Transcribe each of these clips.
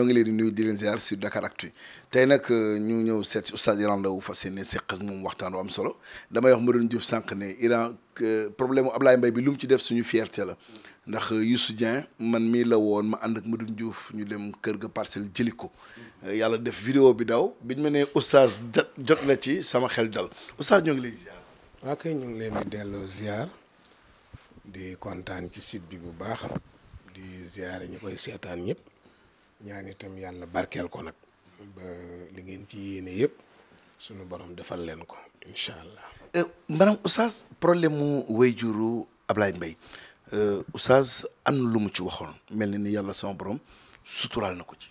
ñoo ngi leen di nuyu di leen ziar sur Dakaractu tey nag euh, ñu ñëw seet si oustaz Iran Ndao fas yéene seq ak moom waxtaan am solo damay wax Madoune Diouf sànq ne Iran euh, problème mu Ablaye Mbaye bi lu mu ci def suñu fierté la ndax euh, Youssou Dieng man mii la woon ma ànd ak Madoune Diouf ñu dem kër ga parcelle jëli ko yàlla def vidéo bi daw biñ ma nee oustaz jot na ci sama xel dal oustaz ñoo ngi leen ziar. waa kay ñu ngi leen di delloo ziar di kontaan ci site bi bu baax di ziar ñu koy seetaan ñëpp. ñaan itam yàlla barkeel ko nag ba li ngeen ci yéene yëpp sunu borom defal leen ko incha allah. Eh, maanaam oustaz problème mu wayjuru Ablaye Mbaye eh, oustaz am na lu mu ci waxoon mel na ni yàlla sama borom suturaal na ko ci.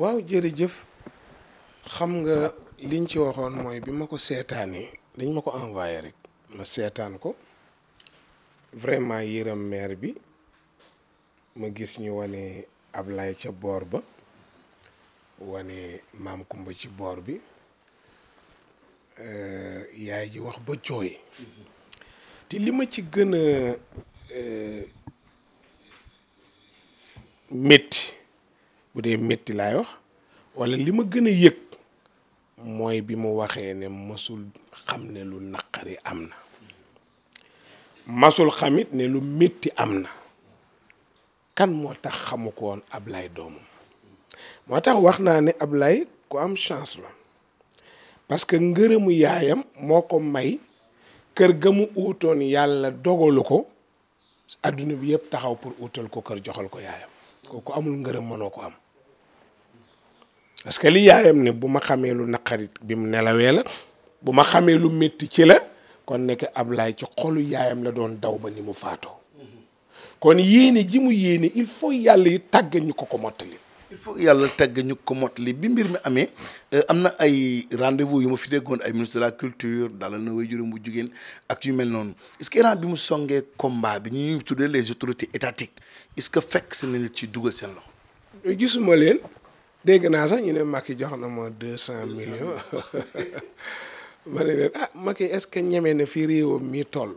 waaw jërëjëf xam nga liñ ci waxoon mooy bi ma ko seetaanee dañ ma ko envoyé rek ma seetaan ko vraiment yëram maire bi ma gis ñu wane. ab Ablaye ca boor ba wane maam Kumba ci boor bi eh, yaay ji wax ba jooy te li ma ci gën a eh, métti bu dee metti laay wax walla li ma gën a yëg mooy bi mu waxee ne masul xam ne lu naqari am na masul xamit ne lu métti am na kan moo tax xamu koon woon Ablaye doomam moo tax wax naa ne lay ku am chance la parce que ngërëmu yaayam moo ko may kër ga mu uutoon yàlla dogalu ko adduna bi yëpp taxaw pour uutal ko kër joxal ko yaayam kooku amul ngërëm mënoo ko am parce que li yaayam ne bu ma xamee lu naqarit bi mu nelawee la bu ma xamee lu métti ci la kon nekk Ablaye ci xolu yaayam la doon daw ba ni mu faatoo kon yéene ji mu yéene il faut yàlla yi tàgg ñu ko ko mottali il faut yàlla tàgg ñu ko mottali bi mbir mi amee euh, am na ay rendez-vous yu ma fi déggoon ay ministre de la culture dalal na waajur bu jigéen ak yu mel noonu est-ce que Iran bi mu songee combat bi ñuy tuddee les autorités étatiques est-ce que fekk si nañu ci dugal seen loxo. Euh, gisuma leen dégg naa sax ñu ne Macky jox na ma deux cent millions ma ne leen ah Macky est-ce que ñeme na fi réewam mi toll.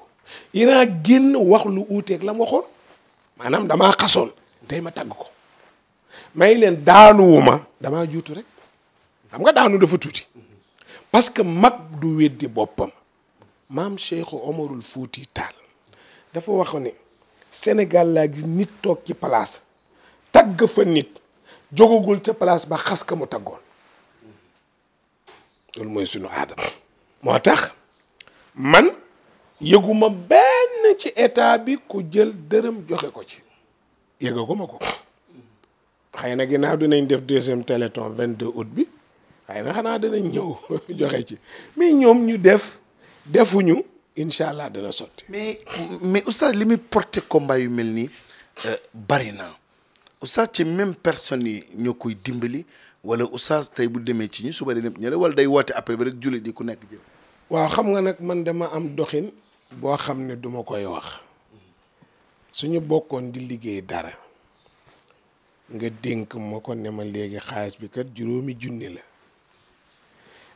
Iran génn wax lu uuteeg la mu waxoon maanaam damaa xasoon tey ma tagg ko may leen daanuwuma damaa juutu rek xam nga daanu dafa tuuti parce que mag du weddi boppam maam Cheikh Omarul Fuuti Taal dafa wax ne Sénégal laa gis nit toog ci palaas tagg fa nit jógagul ca place ba xas ka mu taggoon loolu mooy sunu aada moo tax man yëguma benn ci état bi ku jël dërëm joxe ko ci yëgaguma ko xëy na ginnaaw dinañ def deuxième téléthon 22 août bi xëy na xanaa dinañ ñëw joxe ci mais ñoom ñu def defuñu incha allah dana sotti. mais mais oustaz li muy porté combat yu mel nii euh, bari na oustaz ci même personne yi ñoo koy dimbali wala oustaz tey bu demee ci ñu suba dem ñële wala day woote après ba rek jullit di ku nekk jël. waaw xam nga nag man dama am doxin bo xam duma koy wax suñu vous di liggéey dara nga train mako ko légui que bi kat juroomi junni la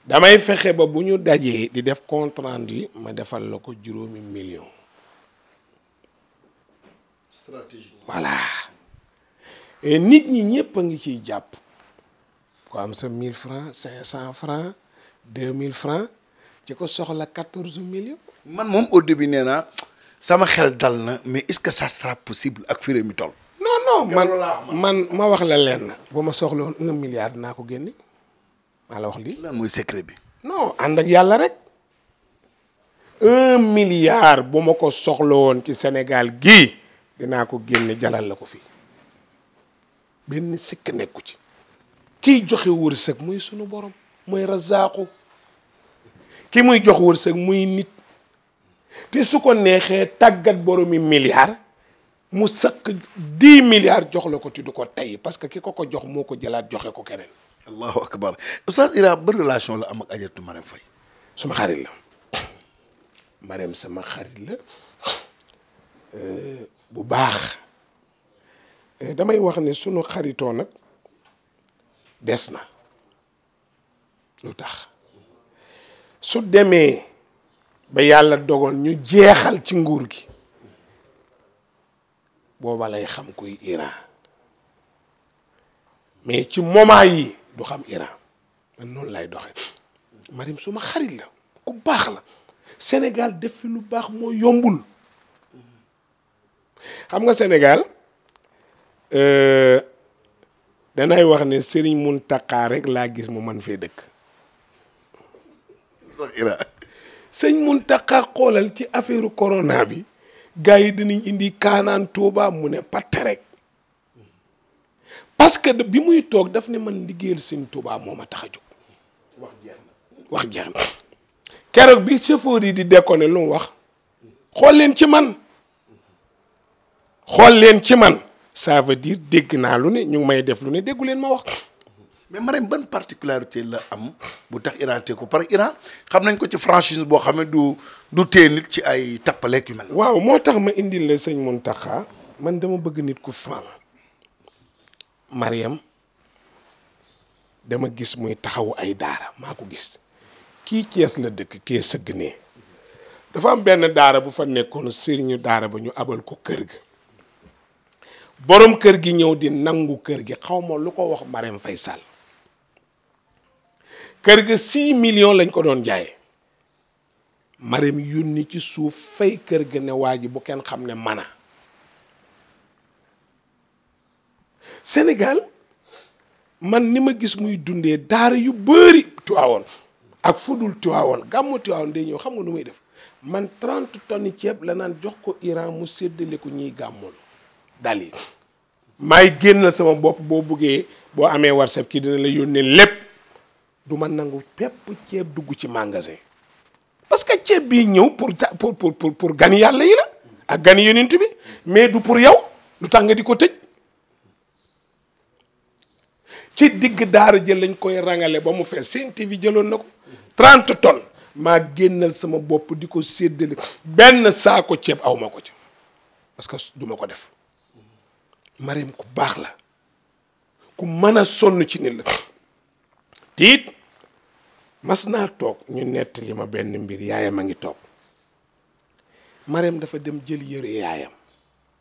damay fexé ba di def compte ma la juroomi million stratégie voilà nit ñi ñëpp Voilà. ko am sa mille francs 500 francs 2000 francs ci ko soxla quatorze millions man mom au début nee sama xel dal na mais est-ce que ça sera possible ak fi mi toll. non non man man ma wax la lenn. buma soxlo 1 milliard dinaa ko génne maa la wax li lan moy secret bi. non ànd ak yàlla rek. 1 milliard buma ko soxlo won ci Sénégal gi dina ko génne jalal la ko fii benn sikk nekku ci. ki joxe wërsëg moy sunu borom. moy razzaqu ki moy jox wërsëg moy nit te su ko neexee tàggat boromi milliard mu sëq dix milliards jox la ko ti du ko tey parce que ki ko ko jox moo ko jëlaat joxe ko keneen. allahu akbar oustaz Ira ba relation la am ak Adjaratou fay Faye. suma xarit la Marème sama xarit la euh, bu baax euh, damay wax ne sunu xaritoo nag des na lu tax su demee. ba yàlla dogoon ñu jeexal ci nguur gi booba lay xam kuy Iran mais ci moment yi du xam Iran man noonu lay doxe Marim suma xarit la ku baax la Sénégal def fi lu baax moo yombul xam nga Sénégal euh, danay wax ne Serigne Mountakha rek laa gis mu man fee dëkk. Iran. sëñ Muntaxa xoolal ci affaire corona bi gars yi dinañ indi kaanaan Touba mu ne patte rek parce que bi muy toog daf ne man liggéeyal sëñ Touba moo ma tax a jóg. wax jeex na keroog bi chauffeur yi di ne lu mu wax xool leen ci man xool leen ci man ça veut dégg naa lu ne ñu ngi may def lu ne déggu leen ma wax. mais Marème ban particularité la am bu tax Iran tee ko par Iran xam nañ ko ci franchise boo xam ne du du tee ci ay tappaleek yu mel. waaw moo tax ma indil la sëñ Mountakha man dama bëgg nit ku franc Marème dama gis muy taxawu ay daara maa ko gis kii Cees la dëkk kee sëgg ne dafa am benn daara bu fa nekkoon sëriñu daara ba ñu abal ko kër gi boroom kër gi ñëw di nangu kër gi xaw ma lu ko wax Marème fay Sall kër ga six millions lañ ko doon jaayee Marème yónni ci suuf fay kër ga ne waa ji bu kenn xam ne mana senegal man ni ma gis muy dundee daara yu bëri tuwaawoon ak fudul tuwaawoon gàmmu tuwaawoon day ñëw xam nga nu muy def man trente tonnes ceeb la naan jox ko Iran mu séddale ko ñiy gàmmul dal yi maay sama bopp boo buggee boo amee WhatsApp kii dina la yónnee lépp du ma nangu pepp ceeb dugg ci magasin parce que ceeb bii ñëw pour pour pour pour pour gan yàlla yi la ak gan yonent bi mais du pour yow lu tax nga di ko tëj ci digg daar jël lañ koy rangale ba mu fees seen TV jëloon na ko 30 tonnes maa génnal sama bopp di ko séddale benn saako ceeb awma ko ca parce que duma ko def Mariam ku baax la ku mën a sonn ci nit la mas toog ñu nettali ma benn mbir yaayam a ngi toog Marème dafa dem jël yëre yaayam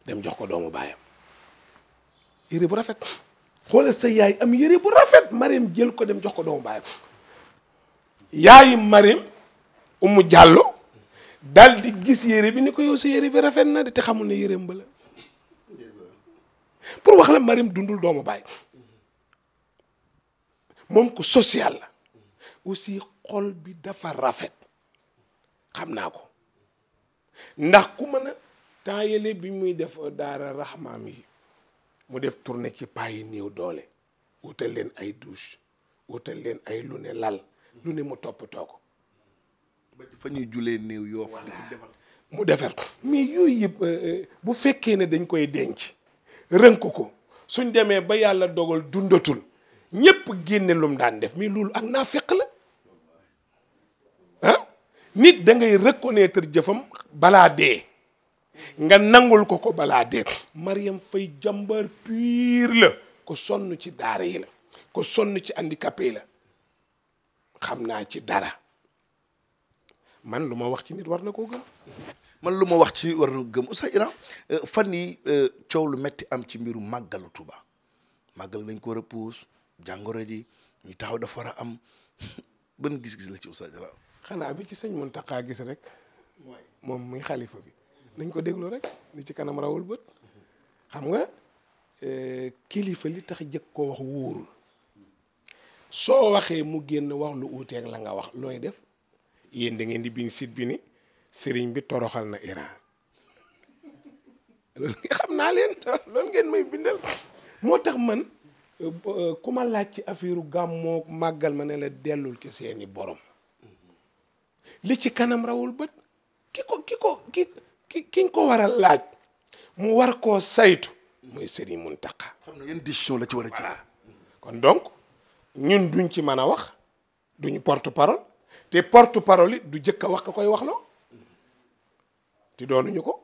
dem jox ko doomu baayam yére bu rafet xoole sa yaay am yëre bu rafet Marème jël ko dem jox ko doomu baayam yaayu Marème umu jàllo dal di gis yére bi ni ko yow sa yére bi rafet na te xamul ne yére ba pour wax la Marème dundul doomu baay moom ku social la aussi xol bi dafa rafet xam naa ko ndax ku mën a temps yële bi muy def daara raxmaam yi mu def tournée ci paa yi néew doole wutal leen ay douche wutal leen ay lu ne lal lu ne mu toppatoo ko ba julee néew yoo fa mu defar mais yooyu yëpp euh, euh, bu fekkee ne dañ koy denc rënk ko suñ demee ba yàlla dogal dundatul ñëpp génne lum daan def mais loolu ak naa fekk la nit dangay ngay reconnaître jëfam balaa dee nga nangul ko ko balaa dee Mariam Faye jàmbaar pire la ko sonn ci daara yi la ko sonn ci handicapé yi la xam naa ci dara man lu ma wax ci nit war na ko gëm man lu ma wax ci war na ko gëm Oustaz euh, fan yi euh, coow lu metti am ci mbiru màggalu Tuuba màggal nañ ko repousse jàngoro ji ñu taxaw dafa war a am ban gis-gis la ci Oustaz Iran xana bi ci sëñ muntaka gis rek mom muy khalifa bi nañ ko deglu rek ni ci kanam rawul beut xam nga e, khalifa li tax jek ko wax wour so waxe mu genn wax lu ak la nga wax loy def yeen da ngeen di bind site bi ni serigne bi toroxal na Iran loolu xam naa leen loolu ngeen may bindal motax man e, e, kuma lacc affaireu gamok magal manela delul ci seeni borom li ci kanam rawul bët ki ko ki ki ki ki ko war laaj mu war koo saytu muy Serigne Mountakha. xam na yan décision la ci war kon donc ñun duñ ci mën a wax duñu porte parole te porte parole du jëkk a wax ko koy wax loo te doonuñu ko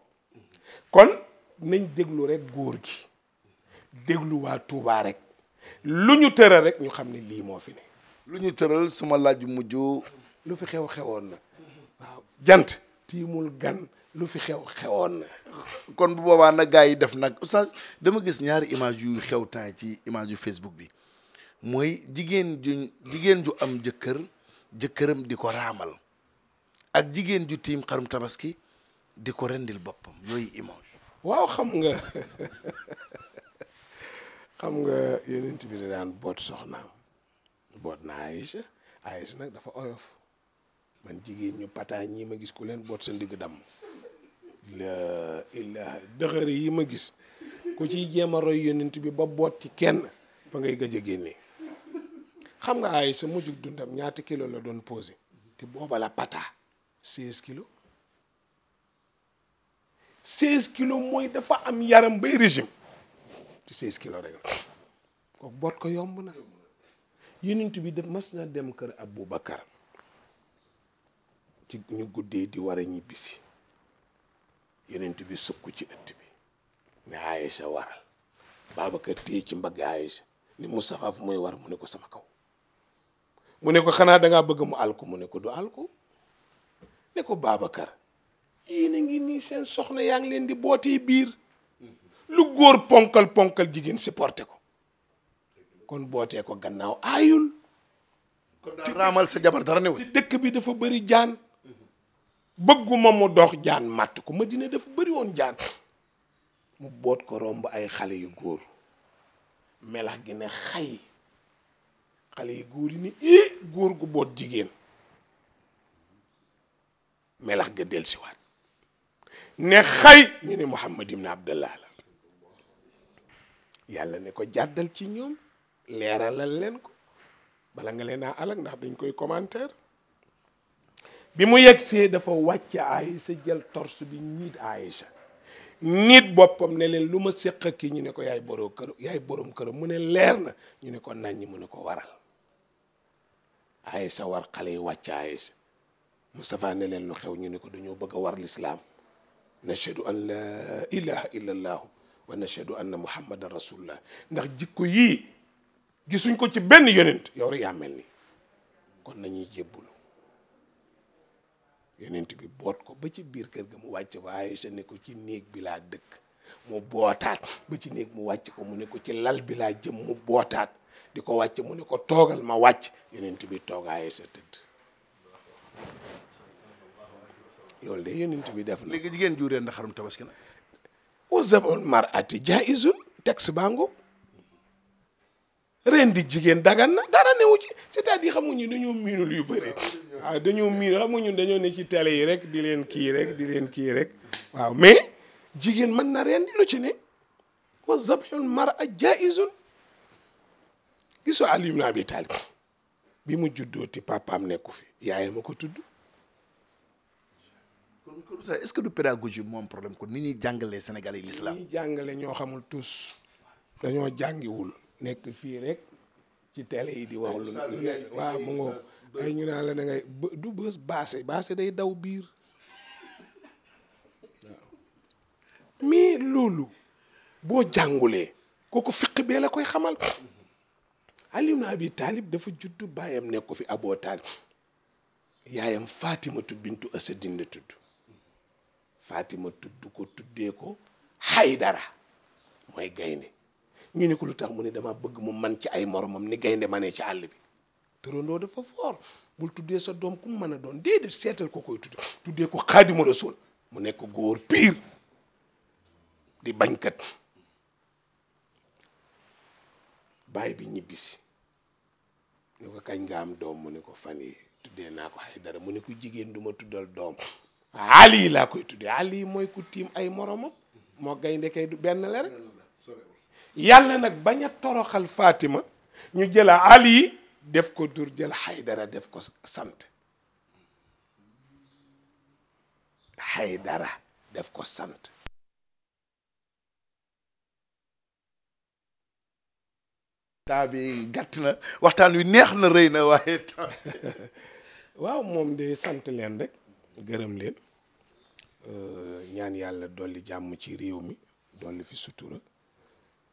kon nañ déglu rek góor gi déglu waa Touba rek lu ñu tëral rek ñu xam ne lii moo fi ne. lu ñu tëral sama laaj mujj lu fi xew xewoon na. waaw jant tiimul gan lu fi xew xewoon na kon bu boobaa nag gaa yi def nag sa dama gis ñaari image yu xew temps ci image yu Facebook bi mooy jigéen ju jigéen ju am jëkkër jëkkëram di ko raamal ak jigéen ju tiim xarum tabaski di ko rendil boppam yooyu image waaw xam nga xam nga yonent bi da daan boot soxnaam boot na Aïcha Aïcha nag dafa oyof man jigéen ñu pataa ñii ma gis ku leen boot sa ndigg damm la dëxëre yi ma gis ku ciy jéem a roy yonent bi ba boot ci kenn fa ngay gëj a génne xam nga ay sa mujjug dundam ñaati kilo la doon posé te booba la pataa 16 kilos 16 kilos mooy dafa am yaram bay régime te 16 kilos rek kooku boot ko yomb na yonent bi daf mas na dem kër Aboubacar ci ñu guddee di war a ñibbisi yonent bi sukk ci ëtt bi ne Aïcha waral Babacar téye ci mbagg Aïcha ni Moustapha fu muy war mu ne ko sama kaw mu ne ko xanaa danga bëgg mu alku mu ne ko du alku ne ko Babacar yéen a ngi nii seen soxna yaa ngi leen di bootee biir lu góor ponkal ponkal jigéen supporté ko kon bootee ko gannaaw ayul dëkk bi dafa bëri jaan bëgguma mu dox jaan màtt ko Madina dafa bari woon jaan mu boot ko romb ay xale yu góor melax gi ne xay xale yu góor yi ni eh góor gu boot jigéen melax ga dellusiwaat ne xay ñu ne Muhammad ibn Abdallah la yàlla ne ko jàddal ci ñoom leeralal leen ko bala nga leen a alag ndax dañ koy commentaire bi mu yegsee dafa wàcc Aïcha jël torse bi ñiit Aïcha nit boppam ne leen lu ma séq kii ñu ne ko yaay borom kër yaay borom këram mu ne leer na ñu ne ko naññi mu ne ko waral Aïcha war xale yi wàcc Aïcha mu ne leen lu xew ñu ne ko dañoo bëgg a war lislaam nashhadu an laa ilaha illa allahu wa nashhadu anna muhammadan rasulullah ndax jikko yii gisuñ ko ci benn yonent yow rek mel ni kon nañuy jébbul yonent bi boot ko ba ci biir kër ga mu wàcc ko Aysa ne ko ci néeg bi laa dëkk mu bootaat ba ci néeg mu wàcc ko mu ne ko ci lal bi laa jëm mu bootaat di ko wàcc mu ne ko toogal ma wàcc yonent bi toog Aysa tëdd loolu de yonent bi def na léegi jigéen juuree ndax xarum tabaski na wa zabul mar'ati jaa'izun texte baa ngoog ren di jigéen dagan na dara newu ci cest yi dire xamuñu dañoo miinul yu bëri waaw ah, dañoo miin xamuñu dañoo ne ci télé yi rek di leen kii rek di leen kii rek waaw mais jigéen mën na ren di lu ci ne wa zabxul mara jaizun gisoo Ali ibn Abi Talib bi mu juddoo ti papaam nekku fi yaay ma ko tudd est-ce que du pédagogie moom problème ko ni ñuy jàngalee Sénégal yi l'islam ñuy jàngale ñoo xamul tous dañoo jàngiwul nekk fii rek ci télé yi di wax lu ne waaw mu ngoo ay du bës baase baase day daw biir waaw mais loolu boo jàngulee kooku fiq bee la koy xamal Ali ibn Abi Taalib dafa judd baayam nekk ko fi Aboo Taalib yaayam Faatimatu bintu Asadin la tudd Faatima tudd ko tuddee ko Haydara mooy gaynde ñu ne ko lu tax mu ne dama bëgg mu man ci ay moromam ni gaynde manee ci àll bi tërandoo dafa foor bul tuddee sa doom ku mu mën a doon déedéet seetal ko koy tudd tuddee ko xaadimu rasul mu nekk góor piir di bañkat bàyyi bi ñibbi si ne ko kañ nga am doom mu ne ko fan yi tuddee naa ko xaydara mu ne ko jigéen du ma tuddal doom àll yi laa koy tuddee àll yi mooy ku tiim ay moromam moo gaynde kay du benn la rek yàlla nag bañ a toroxal Fatima ñu jël Ali def ko dur jël dara def ko sant Haydara def ko sant temps bi gàtt na waxtaan wi neex na rëy na waaye waaw moom de sant leen rek gërëm leen euh, ñaan yàlla dolli jàmm ci réew mi dolli fi sutura